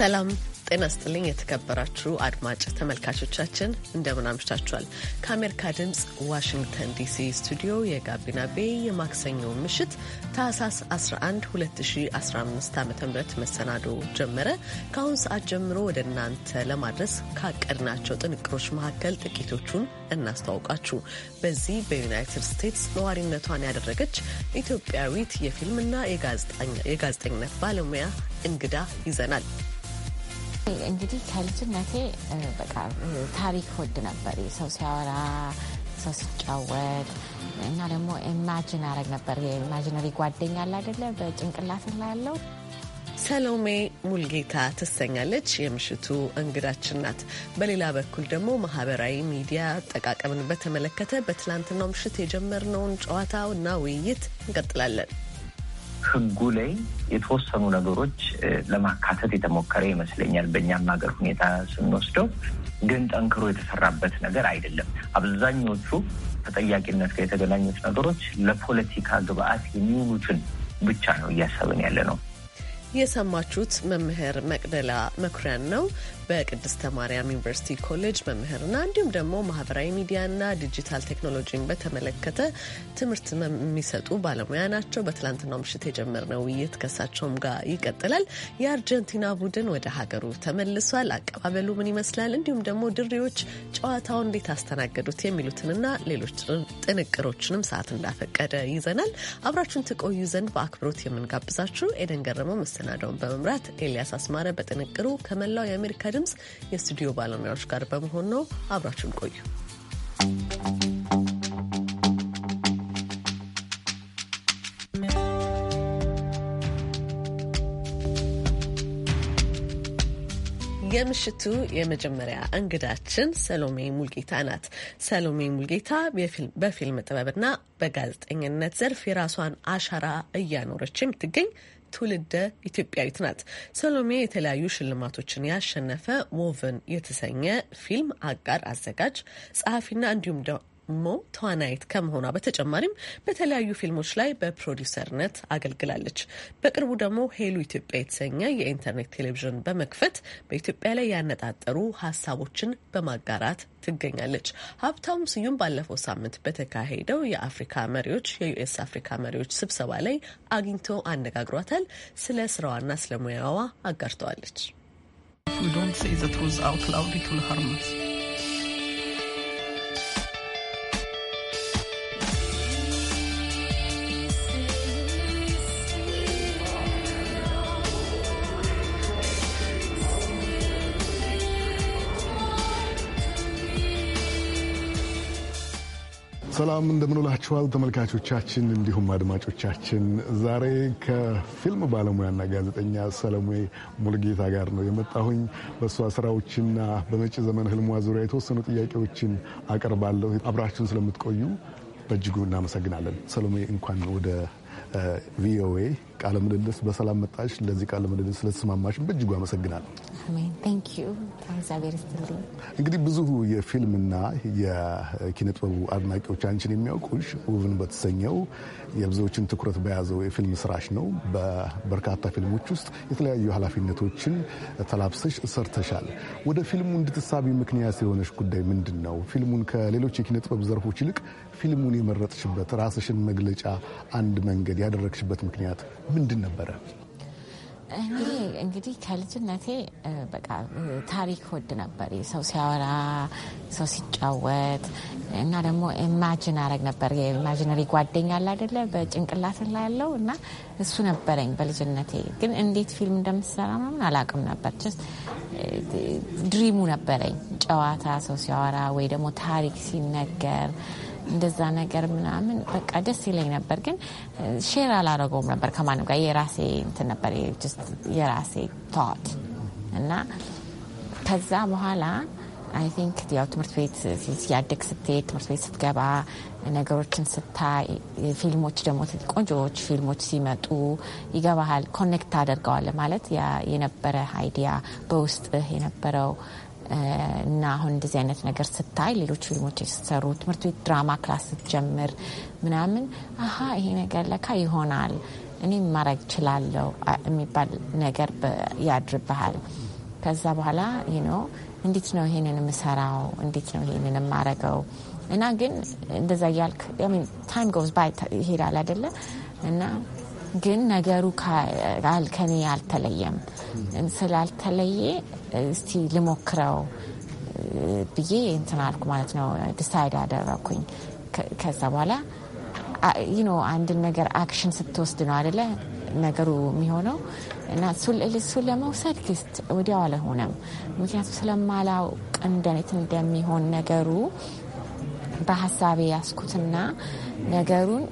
ሰላም ጤና ስጥልኝ የተከበራችሁ አድማጭ ተመልካቾቻችን እንደምን አምሽታችኋል። ከአሜሪካ ድምፅ ዋሽንግተን ዲሲ ስቱዲዮ የጋቢና ቤ የማክሰኞ ምሽት ታህሳስ 11 2015 ዓ ም መሰናዶ ጀመረ። ከአሁን ሰዓት ጀምሮ ወደ እናንተ ለማድረስ ካቀድናቸው ጥንቅሮች መካከል ጥቂቶቹን እናስተዋውቃችሁ። በዚህ በዩናይትድ ስቴትስ ነዋሪነቷን ያደረገች ኢትዮጵያዊት የፊልምና የጋዜጠኝነት ባለሙያ እንግዳ ይዘናል። እንግዲህ ከልጅነቴ በቃ ታሪክ ወድ ነበር። ሰው ሲያወራ፣ ሰው ሲጫወት እና ደግሞ ኢማጂን አረግ ነበር። የኢማጂነሪ ጓደኛ አለ አይደለ? በጭንቅላት ላይ ያለው ሰሎሜ ሙልጌታ ትሰኛለች፣ የምሽቱ እንግዳችን ናት። በሌላ በኩል ደግሞ ማህበራዊ ሚዲያ አጠቃቀምን በተመለከተ በትላንትናው ምሽት የጀመርነውን ጨዋታና ውይይት እንቀጥላለን። ህጉ ላይ የተወሰኑ ነገሮች ለማካተት የተሞከረ ይመስለኛል። በእኛም ሀገር ሁኔታ ስንወስደው ግን ጠንክሮ የተሰራበት ነገር አይደለም። አብዛኞቹ ተጠያቂነት ጋር የተገናኙት ነገሮች ለፖለቲካ ግብአት የሚውሉትን ብቻ ነው እያሰብን ያለ ነው። የሰማችሁት መምህር መቅደላ መኩሪያን ነው። በቅድስተ ማርያም ዩኒቨርሲቲ ኮሌጅ መምህርና እንዲሁም ደግሞ ማህበራዊ ሚዲያና ዲጂታል ቴክኖሎጂን በተመለከተ ትምህርት የሚሰጡ ባለሙያ ናቸው። በትላንትናው ምሽት የጀመርነው ውይይት ከሳቸውም ጋር ይቀጥላል። የአርጀንቲና ቡድን ወደ ሀገሩ ተመልሷል። አቀባበሉ ምን ይመስላል? እንዲሁም ደግሞ ድሬዎች ጨዋታውን እንዴት አስተናገዱት? የሚሉትንና ሌሎች ጥንቅሮችንም ሰዓት እንዳፈቀደ ይዘናል። አብራችሁን ትቆዩ ዘንድ በአክብሮት የምንጋብዛችሁ ኤደን ገረመው መሰናዳውን በመምራት ኤልያስ አስማረ በጥንቅሩ ከመላው የአሜሪካ ድምፅ የስቱዲዮ ባለሙያዎች ጋር በመሆን ነው። አብራችሁን ቆዩ። የምሽቱ የመጀመሪያ እንግዳችን ሰሎሜ ሙልጌታ ናት። ሰሎሜ ሙልጌታ በፊልም ጥበብና በጋዜጠኝነት ዘርፍ የራሷን አሻራ እያኖረች የምትገኝ ትውልደ ኢትዮጵያዊት ናት። ሰሎሜ የተለያዩ ሽልማቶችን ያሸነፈ ወቨን የተሰኘ ፊልም አጋር አዘጋጅ ጸሐፊና እንዲሁም ሞ ተዋናይት ከመሆኗ በተጨማሪም በተለያዩ ፊልሞች ላይ በፕሮዲሰርነት አገልግላለች። በቅርቡ ደግሞ ሄሉ ኢትዮጵያ የተሰኘ የኢንተርኔት ቴሌቪዥን በመክፈት በኢትዮጵያ ላይ ያነጣጠሩ ሀሳቦችን በማጋራት ትገኛለች። ሀብታሙ ስዩም ባለፈው ሳምንት በተካሄደው የአፍሪካ መሪዎች የዩኤስ አፍሪካ መሪዎች ስብሰባ ላይ አግኝቶ አነጋግሯታል። ስለ ስራዋና ስለ ሙያዋ አጋርተዋለች። ሰላም እንደምንውላችኋል ተመልካቾቻችን፣ እንዲሁም አድማጮቻችን። ዛሬ ከፊልም ባለሙያና ጋዜጠኛ ሰለሜ ሙልጌታ ጋር ነው የመጣሁኝ። በእሷ ስራዎችና በመጪ ዘመን ህልሟ ዙሪያ የተወሰኑ ጥያቄዎችን አቀርባለሁ። አብራችሁን ስለምትቆዩ በእጅጉ እናመሰግናለን። ሰሎሜ እንኳን ወደ ቪኦኤ ቃለ ምልልስ በሰላም መጣሽ። ለዚህ ቃለ ምልልስ ስለተስማማሽ በእጅጉ አመሰግናለሁ። እንግዲህ ብዙ የፊልምና የኪነጥበቡ አድናቂዎች አንቺን የሚያውቁሽ ውብን በተሰኘው የብዙዎችን ትኩረት በያዘው የፊልም ስራሽ ነው። በበርካታ ፊልሞች ውስጥ የተለያዩ ኃላፊነቶችን ተላብሰሽ ሰርተሻል። ወደ ፊልሙ እንድትሳቢ ምክንያት የሆነች ጉዳይ ምንድን ነው? ፊልሙን ከሌሎች የኪነጥበብ ዘርፎች ይልቅ ፊልሙን የመረጥሽበት ራስሽን መግለጫ አንድ መንገድ ያደረግሽበት ምክንያት ምንድን ነበረ? እኔ እንግዲህ ከልጅነቴ በቃ ታሪክ ወድ ነበር። ሰው ሲያወራ፣ ሰው ሲጫወት እና ደግሞ ኢማጂን አረግ ነበር። የኢማጂነሪ ጓደኛ አለ አይደለ? በጭንቅላት ላይ ያለው እና እሱ ነበረኝ በልጅነቴ። ግን እንዴት ፊልም እንደምትሰራ ምናምን አላውቅም ነበር። ድሪሙ ነበረኝ ጨዋታ፣ ሰው ሲያወራ ወይ ደግሞ ታሪክ ሲነገር እንደዛ ነገር ምናምን በቃ ደስ ይለኝ ነበር፣ ግን ሼር አላረገውም ነበር ከማንም ጋር የራሴ እንትን ነበር የራሴ ታዋት እና ከዛ በኋላ አይ ቲንክ ያው ትምህርት ቤት ሲያደግ ስትሄድ ትምህርት ቤት ስትገባ ነገሮችን ስታይ ፊልሞች ደግሞ ቆንጆዎች ፊልሞች ሲመጡ ይገባሃል፣ ኮኔክት ታደርገዋለህ ማለት የነበረ አይዲያ በውስጥህ የነበረው እና አሁን እንደዚህ አይነት ነገር ስታይ ሌሎች ፊልሞች የተሰሩ ትምህርት ቤት ድራማ ክላስ ስትጀምር ምናምን አሀ ይሄ ነገር ለካ ይሆናል እኔም ማድረግ እችላለሁ የሚባል ነገር ያድርብሃል። ከዛ በኋላ ነው እንዴት ነው ይሄንን የምሰራው? እንዴት ነው ይሄንን የማረገው? እና ግን እንደዛ እያልክ ታይም ጎዝ ባይ ይሄዳል አይደለ እና ግን ነገሩ ቃል ከኔ አልተለየም። ስላልተለየ እስቲ ልሞክረው ብዬ እንትን አልኩ ማለት ነው። ዲሳይድ አደረኩኝ። ከዛ በኋላ ይኖ አንድን ነገር አክሽን ስትወስድ ነው አደለ ነገሩ የሚሆነው እና እሱ ለመውሰድ ግስት ወዲያው አልሆነም። ምክንያቱም ስለማላውቅ እንደት እንደሚሆን ነገሩ በሀሳቤ ያስኩትና ነገሩን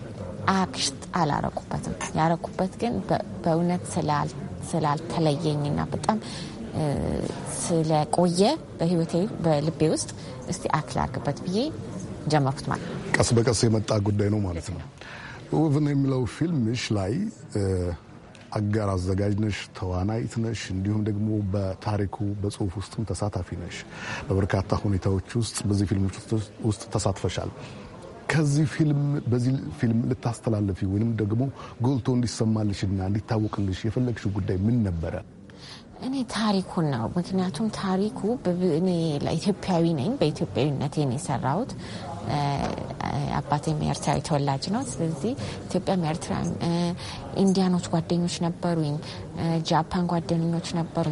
አክሽት አላረኩበትም። ያረኩበት ግን በእውነት ስላልተለየኝና በጣም ስለቆየ በህይወቴ በልቤ ውስጥ እስቲ አክት ላርግበት ብዬ ጀመርኩት። ማለት ቀስ በቀስ የመጣ ጉዳይ ነው ማለት ነው። ውብን የሚለው ፊልምሽ ላይ አጋር አዘጋጅ ነሽ፣ ተዋናይት ነሽ፣ እንዲሁም ደግሞ በታሪኩ በጽሁፍ ውስጥም ተሳታፊ ነሽ። በበርካታ ሁኔታዎች ውስጥ በዚህ ፊልሞች ውስጥ ተሳትፈሻል። ከዚህ ፊልም በዚህ ፊልም ልታስተላለፊ ወይም ደግሞ ጎልቶ እንዲሰማልሽና እንዲታወቅልሽ የፈለግሽው ጉዳይ ምን ነበረ? እኔ ታሪኩን ነው። ምክንያቱም ታሪኩ እኔ ኢትዮጵያዊ ነኝ፣ በኢትዮጵያዊነት የሰራሁት አባቴም ኤርትራዊ ተወላጅ ነው። ስለዚህ ኢትዮጵያም ኤርትራ፣ ኢንዲያኖች ጓደኞች ነበሩኝ፣ ጃፓን ጓደኞች ነበሩ፣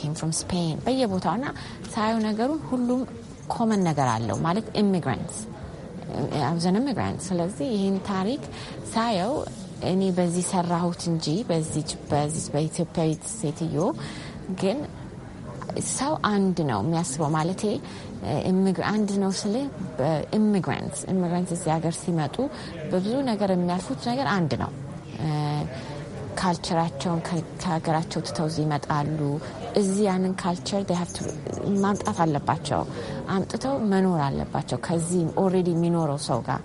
ኬም ፍሮም ስፔን በየቦታውና ሳየው ነገሩን ሁሉም ኮመን ነገር አለው ማለት ኢሚግራንትስ አብዘን ኢሚግራንት። ስለዚህ ይህን ታሪክ ሳየው እኔ በዚህ ሰራሁት እንጂ በዚህ በኢትዮጵያዊት ሴትዮ ግን ሰው አንድ ነው የሚያስበው ማለቴ አንድ ነው ስል ኢሚግራንት ኢሚግራንት እዚህ ሀገር ሲመጡ በብዙ ነገር የሚያልፉት ነገር አንድ ነው። ካልቸራቸውን ከሀገራቸው ትተው እዚህ ይመጣሉ። እዚህ ያንን ካልቸር ማምጣት አለባቸው። አምጥተው መኖር አለባቸው። ከዚህ ኦልሬዲ የሚኖረው ሰው ጋር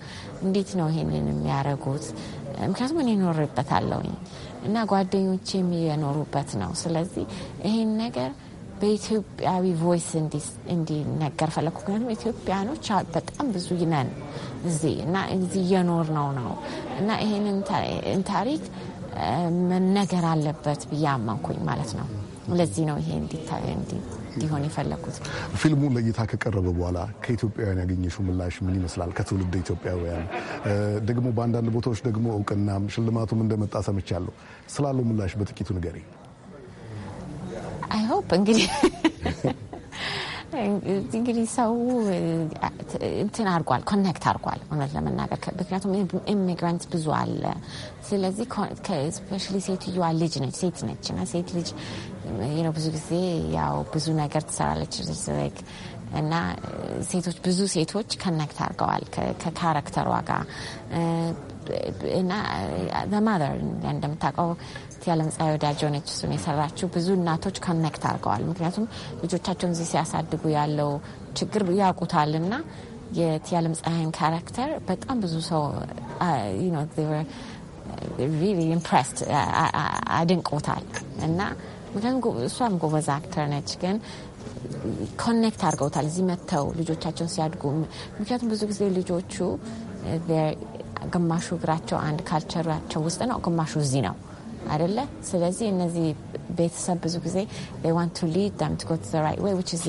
እንዴት ነው ይሄንን የሚያደርጉት? ምክንያቱም እኔ ኖርበት አለውኝ እና ጓደኞቼም የኖሩበት ነው። ስለዚህ ይሄን ነገር በኢትዮጵያዊ ቮይስ እንዲነገር ፈለግኩ። ምክንያቱም ኢትዮጵያኖች በጣም ብዙ ነን እዚህ እና እዚህ እየኖር ነው ነው እና ይሄንን ታሪክ መነገር አለበት ብዬ አመንኩኝ ማለት ነው። ለዚህ ነው ይሄ እንዲታ እንዲ ሊሆን የፈለጉት። ፊልሙ ለእይታ ከቀረበ በኋላ ከኢትዮጵያውያን ያገኘሽው ምላሽ ምን ይመስላል? ከትውልድ ኢትዮጵያውያን ደግሞ በአንዳንድ ቦታዎች ደግሞ እውቅና ሽልማቱም እንደመጣ ሰምቻለሁ። ስላለው ምላሽ በጥቂቱ ንገሪ። አይሆፕ እንግዲህ እንግዲህ ሰው እንትን አድርጓል፣ ኮኔክት አድርጓል እውነት ለመናገር ምክንያቱም ኢሚግራንት ብዙ አለ። ስለዚህ ስፔሻሊ ሴትዮዋ ልጅ ነች፣ ሴት ነች እና ሴት ልጅ ብዙ ጊዜ ያው ብዙ ነገር ትሰራለች እና ሴቶች ብዙ ሴቶች ከነክት አድርገዋል ከካራክተሯ ጋር ማር በማዘር እንደምታውቀው ፀሐይ ወዳጅ ሆነች እሱን የሰራችው ብዙ እናቶች ከነክት አድርገዋል። ምክንያቱም ልጆቻቸውን እዚህ ሲያሳድጉ ያለው ችግር ያውቁታል እና የትያለም ፀሐይን ካራክተር በጣም ብዙ ሰው ኢምፕረስድ አድንቆታል እና ምክንያቱም እሷም ጎበዝ አክተር ነች ግን ኮኔክት አድርገውታል እዚህ መጥተው ልጆቻቸውን ሲያድጉ ምክንያቱም ብዙ ጊዜ ልጆቹ ግማሹ እግራቸው አንድ ካልቸራቸው ውስጥ ነው፣ ግማሹ እዚህ ነው አይደለ? ስለዚህ እነዚህ ቤተሰብ ብዙ ጊዜ ዋን ሊድ ም ቱ ወይ ዊች ዝ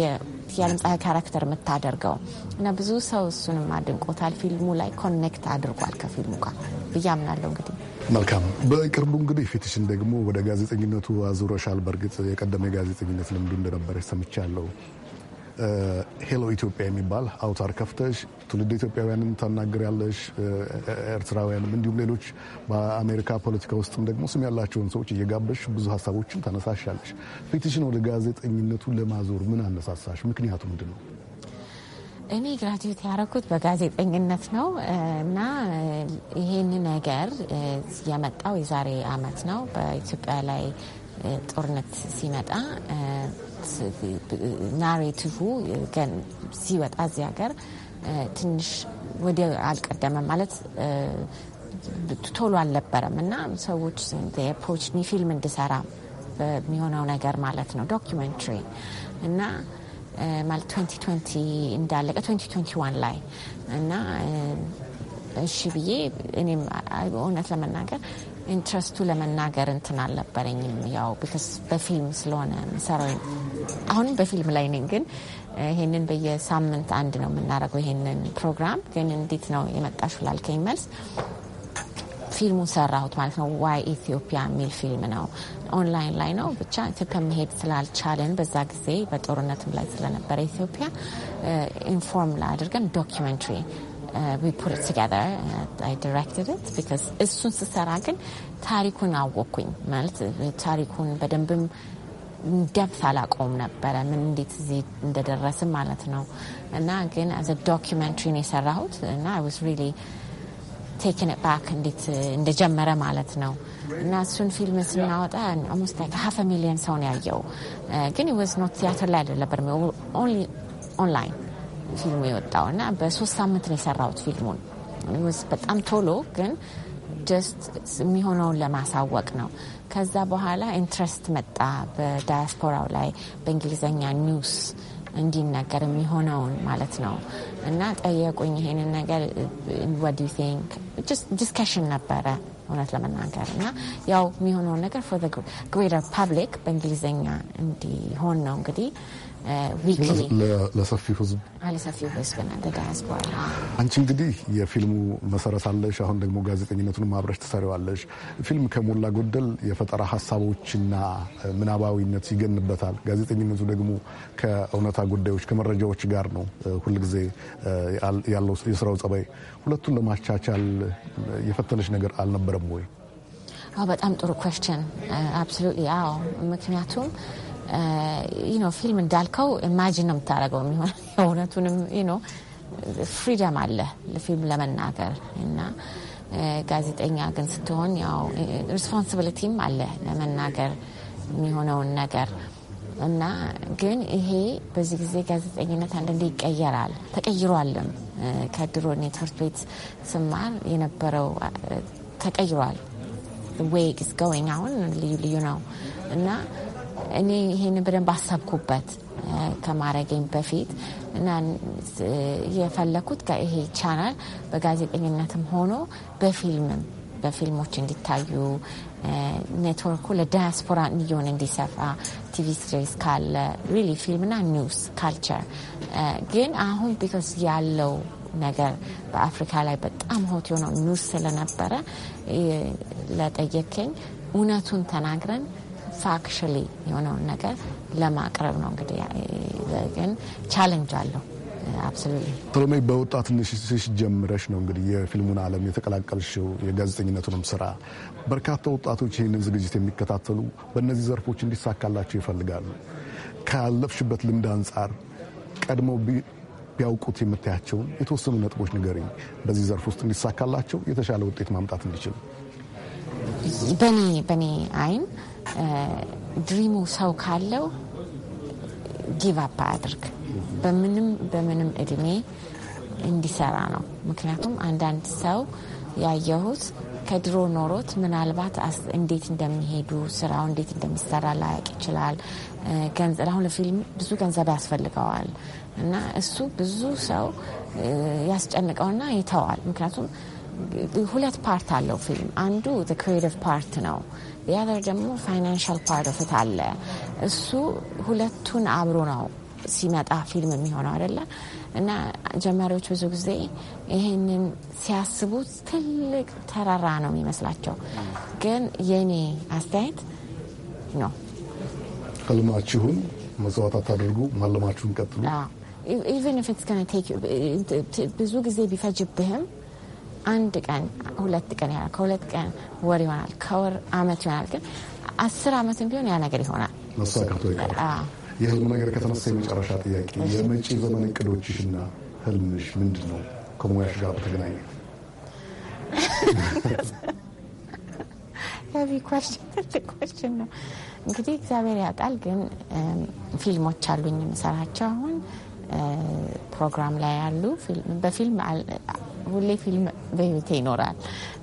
ካራክተር የምታደርገው እና ብዙ ሰው እሱንም አድንቆታል። ፊልሙ ላይ ኮኔክት አድርጓል ከፊልሙ ጋር ብዬ አምናለሁ። እንግዲህ መልካም። በቅርቡ እንግዲህ ፊትሽን ደግሞ ወደ ጋዜጠኝነቱ አዙረሻል። በእርግጥ የቀደመ የጋዜጠኝነት ልምዱ እንደነበረ ሰምቻለሁ። ሄሎ ኢትዮጵያ የሚባል አውታር ከፍተሽ ትውልድ ኢትዮጵያውያንን ያለሽ ኤርትራውያንም እንዲሁም ሌሎች በአሜሪካ ፖለቲካ ውስጥም ደግሞ ስም ያላቸውን ሰዎች እየጋበሽ ብዙ ሀሳቦችን ታነሳሻለሽ። ፊትሽን ወደ ጋዜጠኝነቱ ለማዞር ምን አነሳሳሽ? ምክንያቱ ምንድን ነው? እኔ ግራጁዌት ያደረኩት በጋዜጠኝነት ነው እና ይህን ነገር የመጣው የዛሬ አመት ነው በኢትዮጵያ ላይ ጦርነት ሲመጣ ናሬቲቭ ሲወጣ እዚህ ሀገር ትንሽ ወደ አልቀደመም ማለት ቶሎ አልነበረም እና ሰዎች ፕሮችኒ ፊልም እንድሰራ በሚሆነው ነገር ማለት ነው ዶኪመንትሪ እና ማለት 2020 እንዳለቀ 2021 ላይ እና እሺ ብዬ እኔም እውነት ለመናገር ኢንትረስቱ ለመናገር እንትን አልነበረኝም። ያው ቢካስ በፊልም ስለሆነ የምሰራው አሁንም በፊልም ላይ ነኝ። ግን ይሄንን በየሳምንት አንድ ነው የምናደርገው ይሄንን ፕሮግራም። ግን እንዴት ነው የመጣሽው ላልከኝ መልስ ፊልሙን ሰራሁት ማለት ነው። ዋይ ኢትዮጵያ የሚል ፊልም ነው። ኦንላይን ላይ ነው። ብቻ ኢትዮጵያ መሄድ ስላልቻለን በዛ ጊዜ በጦርነትም ላይ ስለነበረ ኢትዮጵያ ኢንፎርም ላይ አድርገን ዶኪመንትሪ we put it together. I directed it because እሱን ስሰራ ግን ታሪኩን አወቅኩኝ ማለት ታሪኩን በደንብም ደብት አላቆም ነበረ ምን እንዴት እዚህ እንደደረስም ማለት ነው። እና ግን አዘ ዶኪመንትሪ ነው የሰራሁት እና አይ ዋዝ ሪሊ ቴክን ባክ እንዴት እንደጀመረ ማለት ነው። እና እሱን ፊልም ስናወጣ ኦልሞስት ላይክ ሀፍ ሚሊዮን ሰው ነው ያየው። ግን ወዝ ኖት ቲያትር ላይ አይደለም ነበር ኦንላይን ፊልሙ የወጣው እና በሶስት ሳምንት ነው የሰራሁት ፊልሙን። በጣም ቶሎ ግን ጀስት የሚሆነውን ለማሳወቅ ነው። ከዛ በኋላ ኢንትረስት መጣ በዳያስፖራው ላይ በእንግሊዝኛ ኒውስ እንዲነገር የሚሆነውን ማለት ነው። እና ጠየቁኝ ይሄንን ነገር ወዲ ቲንክ ዲስከሽን ነበረ እውነት ለመናገር እና ያው የሚሆነውን ነገር ፎር ግሬተር ፐብሊክ በእንግሊዝኛ እንዲሆን ነው እንግዲህ ለሰፊው ህዝብ ለሰፊው ህዝብ ዳያስፖራ። አንቺ እንግዲህ የፊልሙ መሰረት አለሽ፣ አሁን ደግሞ ጋዜጠኝነቱን አብረሽ ትሰሪዋለሽ። ፊልም ከሞላ ጎደል የፈጠራ ሀሳቦችና ምናባዊነት ይገንበታል። ጋዜጠኝነቱ ደግሞ ከእውነታ ጉዳዮች ከመረጃዎች ጋር ነው ሁልጊዜ ያለው የስራው ጸባይ። ሁለቱን ለማቻቻል የፈተነች ነገር አልነበረም ወይ? በጣም ጥሩ ኮስችን አብሶሉትሊ። አዎ ምክንያቱም ነው። uh, ፊልም እንዳልከው ኢማጂን ነው የምታደርገው የሚሆን እውነቱንም ነው። ፍሪደም አለ ፊልም ለመናገር እና uh, ጋዜጠኛ ግን ስትሆን ያው ሪስፖንሲቢሊቲም uh, አለ ለመናገር የሚሆነውን ነገር እና ግን ይሄ በዚህ ጊዜ ጋዜጠኝነት አንዳንዴ ይቀየራል፣ ተቀይሯልም። ከድሮ ትምህርት ቤት ስማር የነበረው ተቀይሯል። ወይ ጎይንግ አሁን ልዩ ልዩ ነው እና እኔ ይሄን በደንብ አሰብኩበት ከማረገኝ በፊት እና የፈለኩት ይሄ ቻናል በጋዜጠኝነትም ሆኖ በፊልምም በፊልሞች እንዲታዩ ኔትወርኩ ለዳያስፖራ እንዲሆን እንዲሰፋ ቲቪ ስትሬስ ካለ ሪሊ ፊልምና ኒውስ ካልቸር ግን አሁን ቢኮዝ ያለው ነገር በአፍሪካ ላይ በጣም ሆት የሆነው ኒውስ ስለነበረ ለጠየከኝ እውነቱን ተናግረን ፋክሽሊ የሆነውን ነገር ለማቅረብ ነው። እንግዲህ ግን ቻለንጅ አለው። ቶሎሜ በወጣትነትሽ ጀምረሽ ነው እንግዲህ የፊልሙን ዓለም የተቀላቀልሽው የጋዜጠኝነቱንም ስራ። በርካታ ወጣቶች ይህንን ዝግጅት የሚከታተሉ በእነዚህ ዘርፎች እንዲሳካላቸው ይፈልጋሉ። ካለፍሽበት ልምድ አንጻር ቀድመው ቢያውቁት የምታያቸውን የተወሰኑ ነጥቦች ንገሪኝ፣ በዚህ ዘርፍ ውስጥ እንዲሳካላቸው የተሻለ ውጤት ማምጣት እንዲችል በእኔ በኔ አይን ድሪሙ ሰው ካለው ጊቭ አፕ አያድርግ። በምንም በምንም እድሜ እንዲሰራ ነው። ምክንያቱም አንዳንድ ሰው ያየሁት ከድሮ ኖሮት ምናልባት እንዴት እንደሚሄዱ ስራው እንዴት እንደሚሰራ ላያቅ ይችላል። አሁን ለፊልም ብዙ ገንዘብ ያስፈልገዋል እና እሱ ብዙ ሰው ያስጨንቀውና ይተዋል። ምክንያቱም ሁለት ፓርት አለው ፊልም። አንዱ ክሬቲቭ ፓርት ነው። ያደር ደግሞ ፋይናንሻል ፓርት ኦፍ አለ። እሱ ሁለቱን አብሮ ነው ሲመጣ ፊልም የሚሆነው አይደለ እና ጀማሪዎች ብዙ ጊዜ ይህንን ሲያስቡት ትልቅ ተራራ ነው የሚመስላቸው፣ ግን የኔ አስተያየት ነው ህልማችሁን መጽዋት አድርጉ፣ ማለማችሁን ቀጥሉ። ኢቨን ኢፍ ኢትስ ብዙ ጊዜ ቢፈጅብህም አንድ ቀን ሁለት ቀን ያ ከሁለት ቀን ወር ይሆናል፣ ከወር አመት ይሆናል። ግን አስር አመትም ቢሆን ያ ነገር ይሆናል። መሳካቱ የህልሙ ነገር ከተነሳ የመጨረሻ ጥያቄ የመጪ ዘመን እቅዶችሽና ህልምሽ ምንድን ነው? ከሙያሽ ጋር በተገናኘ ኳስችን ነው እንግዲህ እግዚአብሔር ያውቃል። ግን ፊልሞች አሉኝ የምሰራቸው አሁን ፕሮግራም ላይ ያሉ በፊልም ሁሌ ፊልም በቤቴ ይኖራል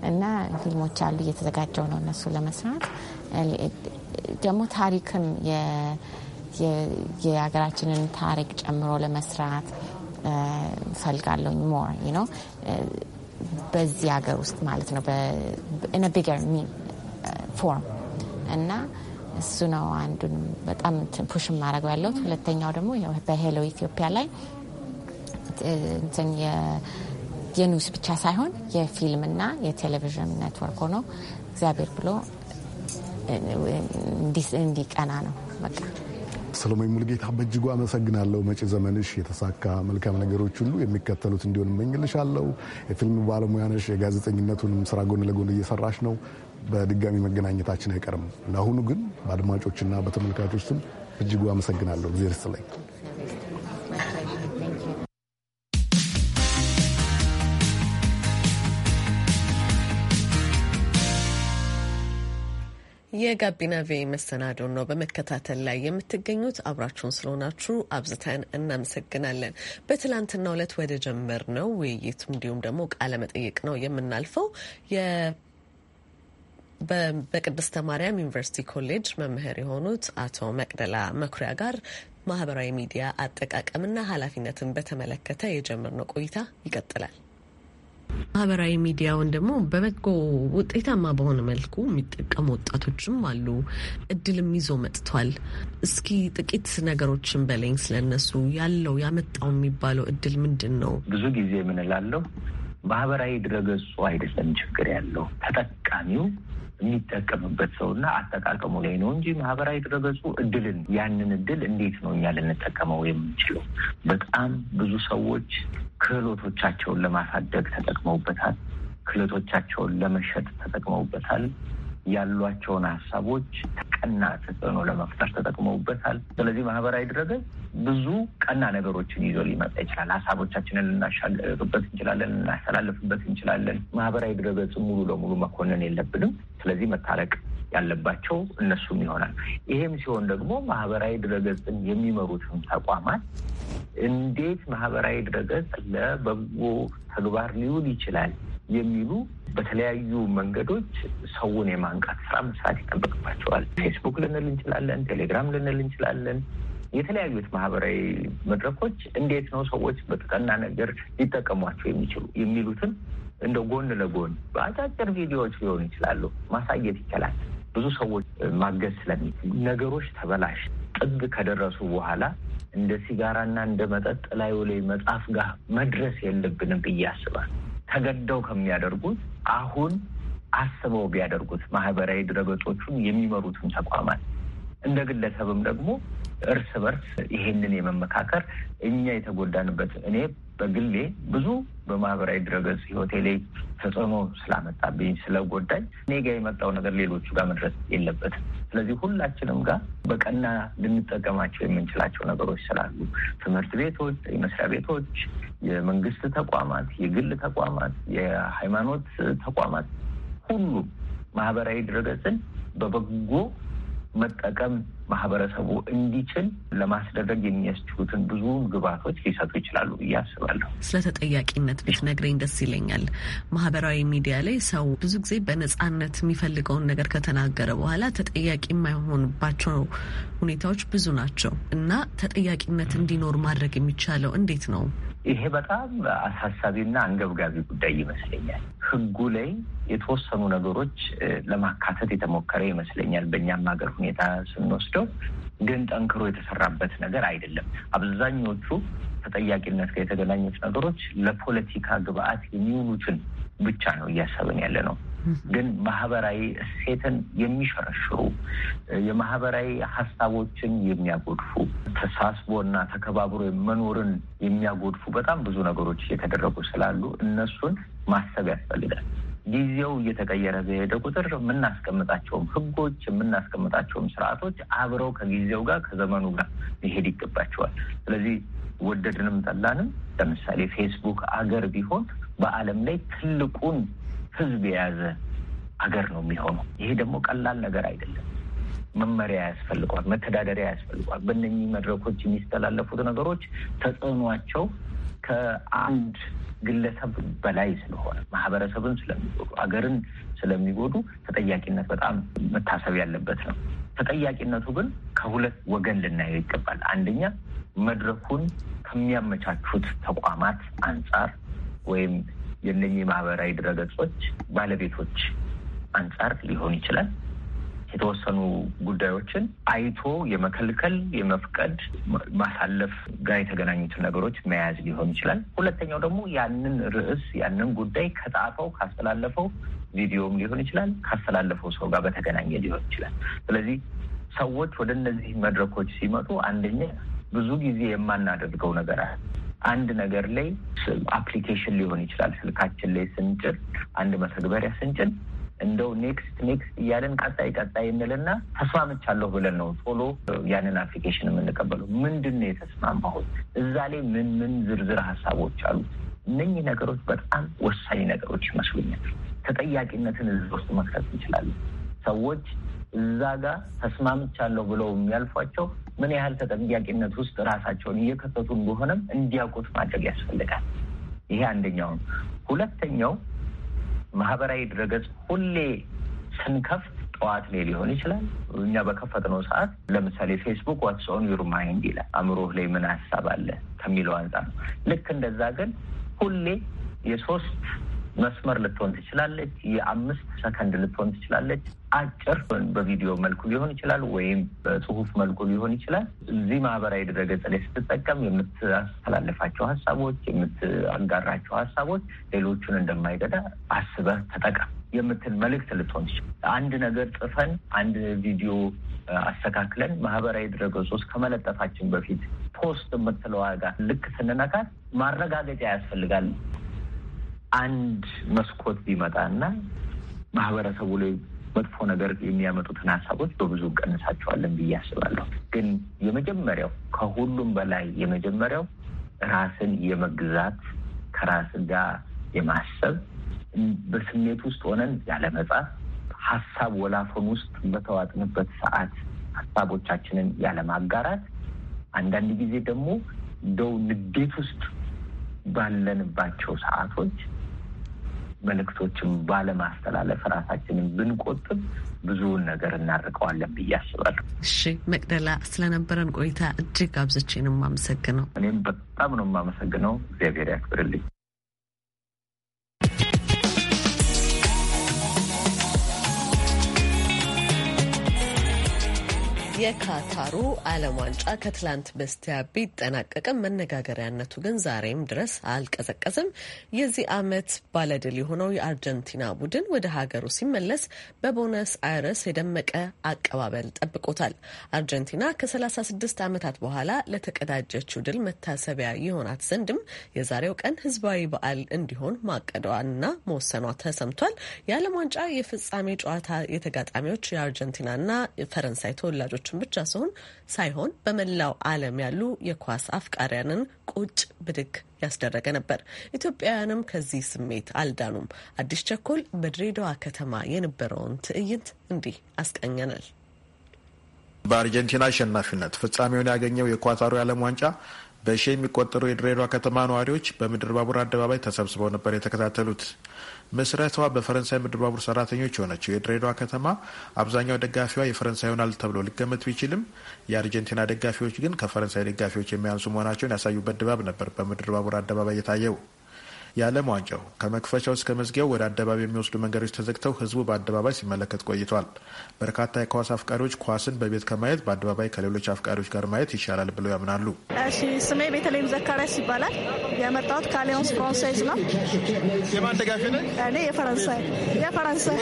እና ፊልሞች አሉ እየተዘጋጀው ነው እነሱ ለመስራት ደግሞ ታሪክም የሀገራችንን ታሪክ ጨምሮ ለመስራት ፈልጋለሁኝ ሞር ነው በዚህ ሀገር ውስጥ ማለት ነው በነቢገር ፎርም እና እሱ ነው አንዱን በጣም ፑሽ ማድረገው ያለሁት። ሁለተኛው ደግሞ በሄሎ ኢትዮጵያ ላይ እንትን የኒውስ ብቻ ሳይሆን የፊልምና የቴሌቪዥን ኔትወርክ ሆኖ እግዚአብሔር ብሎ እንዲቀና ነው በቃ። ሰሎሜ ሙልጌታ በእጅጉ አመሰግናለሁ። መጪ ዘመንሽ የተሳካ መልካም ነገሮች ሁሉ የሚከተሉት እንዲሆን እመኝልሻለሁ። የፊልም ባለሙያ ነሽ፣ የጋዜጠኝነቱንም ስራ ጎን ለጎን እየሰራሽ ነው። በድጋሚ መገናኘታችን አይቀርም። ለአሁኑ ግን በአድማጮችና በተመልካቾች ስም እጅጉ አመሰግናለሁ። እግዜር ይስጥልኝ። የጋቢና ቪይ መሰናዶን ነው በመከታተል ላይ የምትገኙት። አብራችሁን ስለሆናችሁ አብዝተን እናመሰግናለን። በትላንትና ዕለት ወደ ጀመር ነው ውይይት እንዲሁም ደግሞ ቃለ መጠይቅ ነው የምናልፈው። በቅድስተ ማርያም ዩኒቨርሲቲ ኮሌጅ መምህር የሆኑት አቶ መቅደላ መኩሪያ ጋር ማህበራዊ ሚዲያ አጠቃቀምና ኃላፊነትን በተመለከተ የጀመርነው ቆይታ ይቀጥላል። ማህበራዊ ሚዲያውን ደግሞ በበጎ ውጤታማ በሆነ መልኩ የሚጠቀሙ ወጣቶችም አሉ። እድልም ይዞ መጥቷል። እስኪ ጥቂት ነገሮችን በለኝ ስለነሱ። ያለው ያመጣው የሚባለው እድል ምንድን ነው? ብዙ ጊዜ ምን እላለሁ፣ ማህበራዊ ድረገጹ አይደለም ችግር ያለው ተጠቃሚው የሚጠቀምበት ሰው እና አጠቃቀሙ ላይ ነው እንጂ ማህበራዊ ድረገጹ እድልን ያንን እድል እንዴት ነው እኛ ልንጠቀመው የምንችለው? በጣም ብዙ ሰዎች ክህሎቶቻቸውን ለማሳደግ ተጠቅመውበታል። ክህሎቶቻቸውን ለመሸጥ ተጠቅመውበታል። ያሏቸውን ሀሳቦች ቀና ተጽዕኖ ለመፍጠር ተጠቅመውበታል። ስለዚህ ማህበራዊ ድረገጽ ብዙ ቀና ነገሮችን ይዞ ሊመጣ ይችላል። ሀሳቦቻችንን ልናሻገርበት እንችላለን፣ ልናስተላልፍበት እንችላለን። ማህበራዊ ድረገጽ ሙሉ ለሙሉ መኮንን የለብንም። ስለዚህ መታረቅ ያለባቸው እነሱም ይሆናል። ይሄም ሲሆን ደግሞ ማህበራዊ ድረገጽን የሚመሩትም ተቋማት እንዴት ማህበራዊ ድረገጽ ለበጎ ተግባር ሊውል ይችላል የሚሉ በተለያዩ መንገዶች ሰውን የማንቃት ስራ መስራት ይጠበቅባቸዋል። ፌስቡክ ልንል እንችላለን፣ ቴሌግራም ልንል እንችላለን። የተለያዩት ማህበራዊ መድረኮች እንዴት ነው ሰዎች በጥቀና ነገር ሊጠቀሟቸው የሚችሉ የሚሉትን እንደ ጎን ለጎን በአጫጭር ቪዲዮዎች ሊሆኑ ይችላሉ ማሳየት ይቻላል። ብዙ ሰዎች ማገዝ ስለሚችል ነገሮች ተበላሽ ጥግ ከደረሱ በኋላ እንደ ሲጋራና እንደ መጠጥ ላዩ ላይ መጽሐፍ ጋር መድረስ የለብንም ብዬ አስባል ተገደው ከሚያደርጉት አሁን አስበው ቢያደርጉት ማህበራዊ ድረገጾቹን የሚመሩትን ተቋማት እንደ ግለሰብም ደግሞ እርስ በርስ ይሄንን የመመካከር እኛ የተጎዳንበት እኔ በግሌ ብዙ በማህበራዊ ድረገጽ ህይወቴ ላይ ተጽዕኖ ስላመጣብኝ ስለጎዳኝ እኔ ጋር የመጣው ነገር ሌሎቹ ጋር መድረስ የለበትም። ስለዚህ ሁላችንም ጋር በቀና ልንጠቀማቸው የምንችላቸው ነገሮች ስላሉ ትምህርት ቤቶች፣ የመስሪያ ቤቶች፣ የመንግስት ተቋማት፣ የግል ተቋማት፣ የሃይማኖት ተቋማት ሁሉ ማህበራዊ ድረገጽን በበጎ መጠቀም ማህበረሰቡ እንዲችል ለማስደረግ የሚያስችሉትን ብዙ ግብዓቶች ሊሰጡ ይችላሉ ብዬ አስባለሁ። ስለ ተጠያቂነት ብትነግረኝ ደስ ይለኛል። ማህበራዊ ሚዲያ ላይ ሰው ብዙ ጊዜ በነጻነት የሚፈልገውን ነገር ከተናገረ በኋላ ተጠያቂ የማይሆንባቸው ሁኔታዎች ብዙ ናቸው እና ተጠያቂነት እንዲኖር ማድረግ የሚቻለው እንዴት ነው? ይሄ በጣም አሳሳቢና አንገብጋቢ ጉዳይ ይመስለኛል። ህጉ ላይ የተወሰኑ ነገሮች ለማካተት የተሞከረ ይመስለኛል። በእኛም ሀገር ሁኔታ ስንወስደው ግን ጠንክሮ የተሰራበት ነገር አይደለም። አብዛኞቹ ተጠያቂነት ጋር የተገናኙት ነገሮች ለፖለቲካ ግብአት የሚውሉትን ብቻ ነው እያሰብን ያለ ነው። ግን ማህበራዊ እሴትን የሚሸረሽሩ የማህበራዊ ሀሳቦችን የሚያጎድፉ ተሳስቦና ተከባብሮ መኖርን የሚያጎድፉ በጣም ብዙ ነገሮች እየተደረጉ ስላሉ እነሱን ማሰብ ያስፈልጋል። ጊዜው እየተቀየረ በሄደ ቁጥር የምናስቀምጣቸውም ህጎች የምናስቀምጣቸውም ስርዓቶች አብረው ከጊዜው ጋር ከዘመኑ ጋር ሊሄድ ይገባቸዋል። ስለዚህ ወደድንም ጠላንም ለምሳሌ ፌስቡክ አገር ቢሆን በዓለም ላይ ትልቁን ህዝብ የያዘ ሀገር ነው የሚሆነው። ይሄ ደግሞ ቀላል ነገር አይደለም። መመሪያ ያስፈልጓል፣ መተዳደሪያ ያስፈልጓል። በእነኚህ መድረኮች የሚስተላለፉት ነገሮች ተጽዕኗቸው ከአንድ ግለሰብ በላይ ስለሆነ ማህበረሰብን ስለሚጎዱ፣ አገርን ስለሚጎዱ ተጠያቂነት በጣም መታሰብ ያለበት ነው። ተጠያቂነቱ ግን ከሁለት ወገን ልናየው ይገባል። አንደኛ መድረኩን ከሚያመቻቹት ተቋማት አንጻር ወይም የእነኚህ ማህበራዊ ድረገጾች ባለቤቶች አንጻር ሊሆን ይችላል። የተወሰኑ ጉዳዮችን አይቶ የመከልከል የመፍቀድ ማሳለፍ ጋር የተገናኙትን ነገሮች መያዝ ሊሆን ይችላል። ሁለተኛው ደግሞ ያንን ርዕስ ያንን ጉዳይ ከጻፈው ካስተላለፈው ቪዲዮም ሊሆን ይችላል፣ ካስተላለፈው ሰው ጋር በተገናኘ ሊሆን ይችላል። ስለዚህ ሰዎች ወደ እነዚህ መድረኮች ሲመጡ አንደኛ ብዙ ጊዜ የማናደርገው ነገር አንድ ነገር ላይ አፕሊኬሽን ሊሆን ይችላል። ስልካችን ላይ ስንጭን፣ አንድ መተግበሪያ ስንጭን እንደው ኔክስት ኔክስት እያለን ቀጣይ ቀጣይ እንልና ተስማምቻለሁ ብለን ነው ቶሎ ያንን አፕሊኬሽን የምንቀበለው። ምንድን ነው የተስማማሁት? እዛ ላይ ምን ምን ዝርዝር ሀሳቦች አሉት? እነኚህ ነገሮች በጣም ወሳኝ ነገሮች ይመስሉኛል። ተጠያቂነትን እዚ ውስጥ መክተት እንችላለን። ሰዎች እዛ ጋር ተስማምቻለሁ ብለው የሚያልፏቸው ምን ያህል ተጠያቂነት ውስጥ ራሳቸውን እየከተቱ እንደሆነም እንዲያውቁት ማድረግ ያስፈልጋል። ይሄ አንደኛው ነው። ሁለተኛው ማህበራዊ ድረገጽ ሁሌ ስንከፍት ጠዋት ላይ ሊሆን ይችላል። እኛ በከፈትነው ሰዓት ለምሳሌ ፌስቡክ ዋትስ ኦን ዩር ማይንድ ይላል፣ አእምሮህ ላይ ምን ሀሳብ አለ ከሚለው አንጻር ነው። ልክ እንደዛ ግን ሁሌ የሶስት መስመር ልትሆን ትችላለች። የአምስት ሰከንድ ልትሆን ትችላለች። አጭር በቪዲዮ መልኩ ሊሆን ይችላል፣ ወይም በጽሁፍ መልኩ ሊሆን ይችላል። እዚህ ማህበራዊ ድረገጽ ላይ ስትጠቀም የምታስተላልፋቸው ሀሳቦች፣ የምትጋራቸው ሀሳቦች ሌሎቹን እንደማይገዳ አስበህ ተጠቀም የምትል መልእክት ልትሆን ትችል። አንድ ነገር ጽፈን አንድ ቪዲዮ አስተካክለን ማህበራዊ ድረገጽ ውስጥ ከመለጠፋችን በፊት ፖስት የምትለዋ ጋር ልክ ስንነካት ማረጋገጫ ያስፈልጋል። አንድ መስኮት ቢመጣና ማህበረሰቡ ላይ መጥፎ ነገር የሚያመጡትን ሀሳቦች በብዙ እንቀንሳቸዋለን ብዬ አስባለሁ። ግን የመጀመሪያው ከሁሉም በላይ የመጀመሪያው ራስን የመግዛት ከራስ ጋር የማሰብ በስሜት ውስጥ ሆነን ያለመጻፍ ሀሳብ ወላፈን ውስጥ በተዋጥንበት ሰዓት ሀሳቦቻችንን ያለማጋራት አንዳንድ ጊዜ ደግሞ እንደው ንዴት ውስጥ ባለንባቸው ሰዓቶች መልእክቶችን ባለማስተላለፍ ራሳችንን ብንቆጥብ ብዙውን ነገር እናርቀዋለን ብዬ አስባለሁ። እሺ መቅደላ፣ ስለነበረን ቆይታ እጅግ አብዝቼ ነው የማመሰግነው። እኔም በጣም ነው የማመሰግነው። እግዚአብሔር ያክብርልኝ። የካታሩ ዓለም ዋንጫ ከትላንት በስቲያ ቢጠናቀቅም መነጋገሪያነቱ ግን ዛሬም ድረስ አልቀዘቀዝም። የዚህ ዓመት ባለድል የሆነው የአርጀንቲና ቡድን ወደ ሀገሩ ሲመለስ በቦነስ አይረስ የደመቀ አቀባበል ጠብቆታል። አርጀንቲና ከ36 ዓመታት በኋላ ለተቀዳጀችው ድል መታሰቢያ የሆናት ዘንድም የዛሬው ቀን ህዝባዊ በዓል እንዲሆን ማቀዷና መወሰኗ ተሰምቷል። የዓለም ዋንጫ የፍጻሜ ጨዋታ የተጋጣሚዎች የአርጀንቲናና ፈረንሳይ ተወላጆች ተጫዋቾችን ብቻ ሲሆን ሳይሆን በመላው ዓለም ያሉ የኳስ አፍቃሪያንን ቁጭ ብድግ ያስደረገ ነበር። ኢትዮጵያውያንም ከዚህ ስሜት አልዳኑም። አዲስ ቸኮል በድሬዳዋ ከተማ የነበረውን ትዕይንት እንዲህ አስቀኘናል። በአርጀንቲና አሸናፊነት ፍጻሜውን ያገኘው የኳታሩ የዓለም ዋንጫ በሺ የሚቆጠሩ የድሬዳዋ ከተማ ነዋሪዎች በምድር ባቡር አደባባይ ተሰብስበው ነበር የተከታተሉት። ምስረቷ በፈረንሳይ ምድር ባቡር ሰራተኞች የሆነችው የድሬዳዋ ከተማ አብዛኛው ደጋፊዋ የፈረንሳይ ይሆናል ተብሎ ሊገመት ቢችልም የአርጀንቲና ደጋፊዎች ግን ከፈረንሳይ ደጋፊዎች የሚያንሱ መሆናቸውን ያሳዩበት ድባብ ነበር በምድር ባቡር አደባባይ የታየው። የዓለም ዋንጫው ከመክፈቻው እስከ መዝጊያው ወደ አደባባይ የሚወስዱ መንገዶች ተዘግተው ህዝቡ በአደባባይ ሲመለከት ቆይቷል። በርካታ የኳስ አፍቃሪዎች ኳስን በቤት ከማየት በአደባባይ ከሌሎች አፍቃሪዎች ጋር ማየት ይሻላል ብለው ያምናሉ። እሺ፣ ስሜ ቤተልሔም ዘካሪያስ ይባላል። የመጣሁት ካሊዮንስ ፍራንሳይዝ ነው። የማን ደጋፊ ነህ? እኔ የፈረንሳይ የፈረንሳይ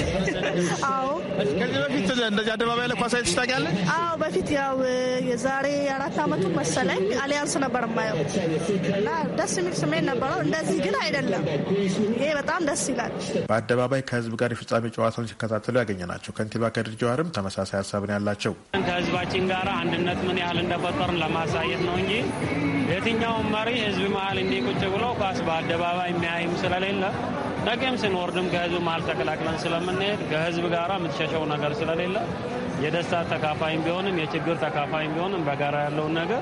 አዎ በፊት እንደዚህ አደባባይ ላይ ኳስ አይተሽ ታውቂያለሽ? አዎ፣ በፊት ያው የዛሬ አራት አመቱ መሰለኝ አሊያንስ ነበር የማየው እና ደስ የሚል ስሜት ነበረው። እንደዚህ ግን አይደለም። ይሄ በጣም ደስ ይላል። በአደባባይ ከህዝብ ጋር የፍጻሜ ጨዋታውን ሲከታተሉ ያገኘ ናቸው። ከንቲባ ከድር ጀዋርም ተመሳሳይ ሀሳብን ያላቸው ከህዝባችን ጋር አንድነት ምን ያህል እንደፈጠርን ለማሳየት ነው እንጂ የትኛውም መሪ ህዝብ መሀል እንዲቁጭ ቁጭ ብሎ ኳስ በአደባባይ የሚያይም ስለሌለ ደገም ስንወርድም ከህዝብ መሀል ተቀላቅለን ስለምንሄድ ከህዝብ ጋራ የምትሸሸው ነገር ስለሌለ የደስታ ተካፋይም ቢሆንም የችግር ተካፋይም ቢሆንም በጋራ ያለውን ነገር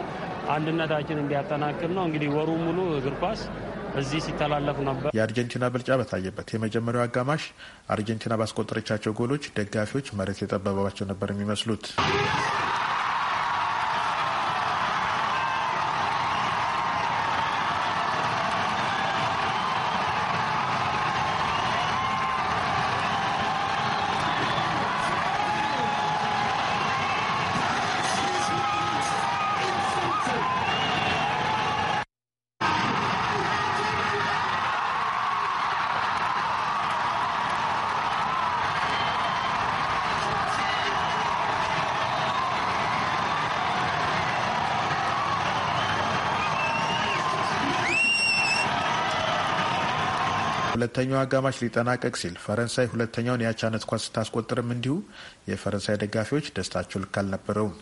አንድነታችን እንዲያጠናክር ነው። እንግዲህ ወሩ ሙሉ እግር ኳስ እዚህ ሲተላለፍ ነበር። የአርጀንቲና ብልጫ በታየበት የመጀመሪያው አጋማሽ አርጀንቲና ባስቆጠረቻቸው ጎሎች ደጋፊዎች መሬት የጠበባቸው ነበር የሚመስሉት። ሁለተኛው አጋማሽ ሊጠናቀቅ ሲል ፈረንሳይ ሁለተኛውን የአቻነት ኳስ ስታስቆጥርም እንዲሁ የፈረንሳይ ደጋፊዎች ደስታቸው ልክ አልነበረውም።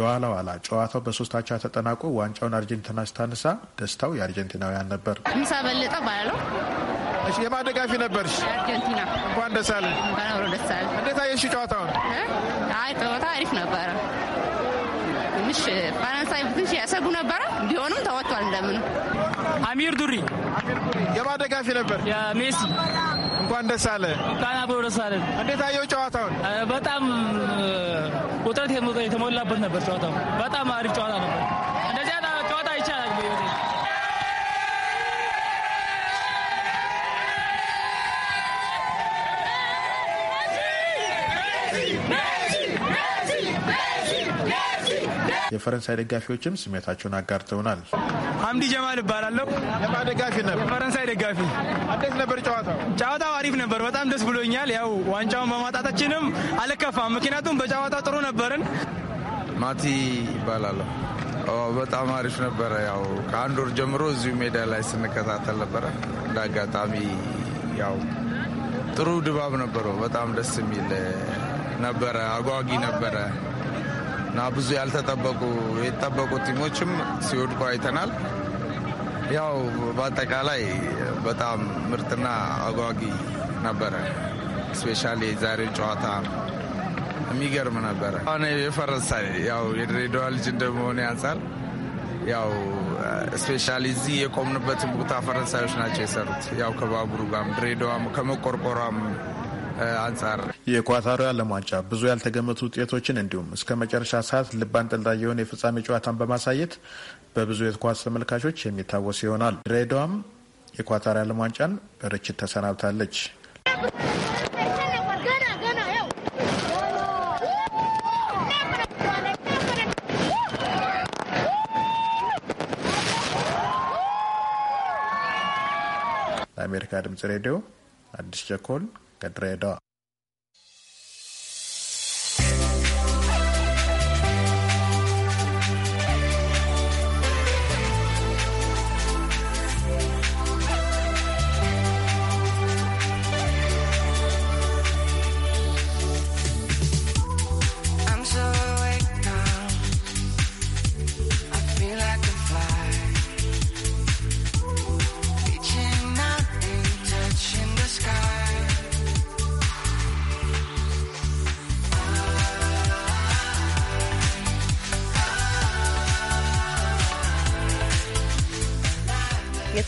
የዋላ ዋላ ጨዋታው በሶስት አቻ ተጠናቆ ዋንጫውን አርጀንቲና ስታነሳ ደስታው የአርጀንቲናውያን ነበር። ምሳ በለጠ ባለው የማደጋፊ ነበርሽ አርጀንቲና እንኳን ደስ አለ። እንዴት አየሽ ጨዋታውን? አይ ጨዋታ አሪፍ ነበረ። ትንሽ ፈረንሳይ ትንሽ ያሰጉ ነበረ፣ ቢሆንም ተወጥቷል። እንደምን አሚር ዱሪ የማደጋፊ ነበር የሜሲ እንኳን ደስ አለ። እንኳን አብሮ ደስ አለን። እንዴት አየው ጨዋታውን? በጣም ውጥረት የተሞላበት ነበር ጨዋታው። በጣም አሪፍ ጨዋታ ነበር። የፈረንሳይ ደጋፊዎችም ስሜታቸውን አጋርተውናል። ሀምዲ ጀማል እባላለሁ። ደጋፊ ነበር። የፈረንሳይ ደጋፊ። እንዴት ነበር ጨዋታው? ጨዋታው አሪፍ ነበር። በጣም ደስ ብሎኛል። ያው ዋንጫውን በማጣታችንም አልከፋም፣ ምክንያቱም በጨዋታው ጥሩ ነበርን። ማቲ ይባላለሁ። በጣም አሪፍ ነበረ። ያው ከአንድ ወር ጀምሮ እዚሁ ሜዳ ላይ ስንከታተል ነበረ። እንደ አጋጣሚ ያው ጥሩ ድባብ ነበረው። በጣም ደስ የሚል ነበረ። አጓጊ ነበረ። እና ብዙ ያልተጠበቁ የተጠበቁ ቲሞችም ሲወድቁ አይተናል። ያው በአጠቃላይ በጣም ምርጥና አጓጊ ነበረ። ስፔሻሊ የዛሬ ጨዋታ የሚገርም ነበረ። አሁን የፈረንሳይ ያው የድሬዳዋ ልጅ እንደመሆነ አንጻር ያው ስፔሻሊ እዚህ የቆምንበትን ቦታ ፈረንሳዮች ናቸው የሰሩት። ያው ከባቡሩ ጋርም ድሬዳዋም ከመቆርቆሯም አንጻር የኳታሩ የዓለም ዋንጫ ብዙ ያልተገመቱ ውጤቶችን እንዲሁም እስከ መጨረሻ ሰዓት ልብ አንጠልጣይ የሆነ የፍጻሜ ጨዋታን በማሳየት በብዙ የኳስ ተመልካቾች የሚታወስ ይሆናል። ድሬዳዋም የኳታሮ የዓለም ዋንጫን ርችት ተሰናብታለች። ለአሜሪካ ድምጽ ሬዲዮ አዲስ ቸኮል ከድሬዳዋ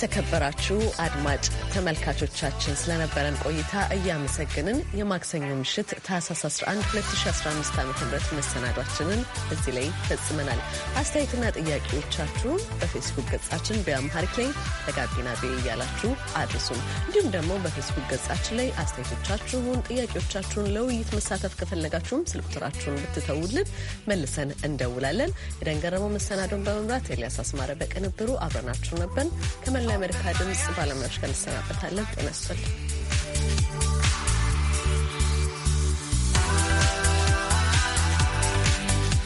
የተከበራችሁ አድማጭ ተመልካቾቻችን ስለነበረን ቆይታ እያመሰግንን የማክሰኞ ምሽት ታህሳስ 11 2015 ዓ ም መሰናዷችንን እዚህ ላይ ፈጽመናል። አስተያየትና ጥያቄዎቻችሁን በፌስቡክ ገጻችን በአምሃሪክ ላይ ለጋቢና ቤ እያላችሁ አድርሱም እንዲሁም ደግሞ በፌስቡክ ገጻችን ላይ አስተያየቶቻችሁን፣ ጥያቄዎቻችሁን ለውይይት መሳተፍ ከፈለጋችሁም ስልክ ቁጥራችሁን ብትተውልን መልሰን እንደውላለን። የደንገረመው መሰናዶን በመምራት ኤልያስ አስማረ በቅንብሩ አብረናችሁ ነበን ከመላ የአሜሪካ ድምፅ ባለሙያዎች ጋር እንሰናበታለን። ጤና ይስጥልኝ።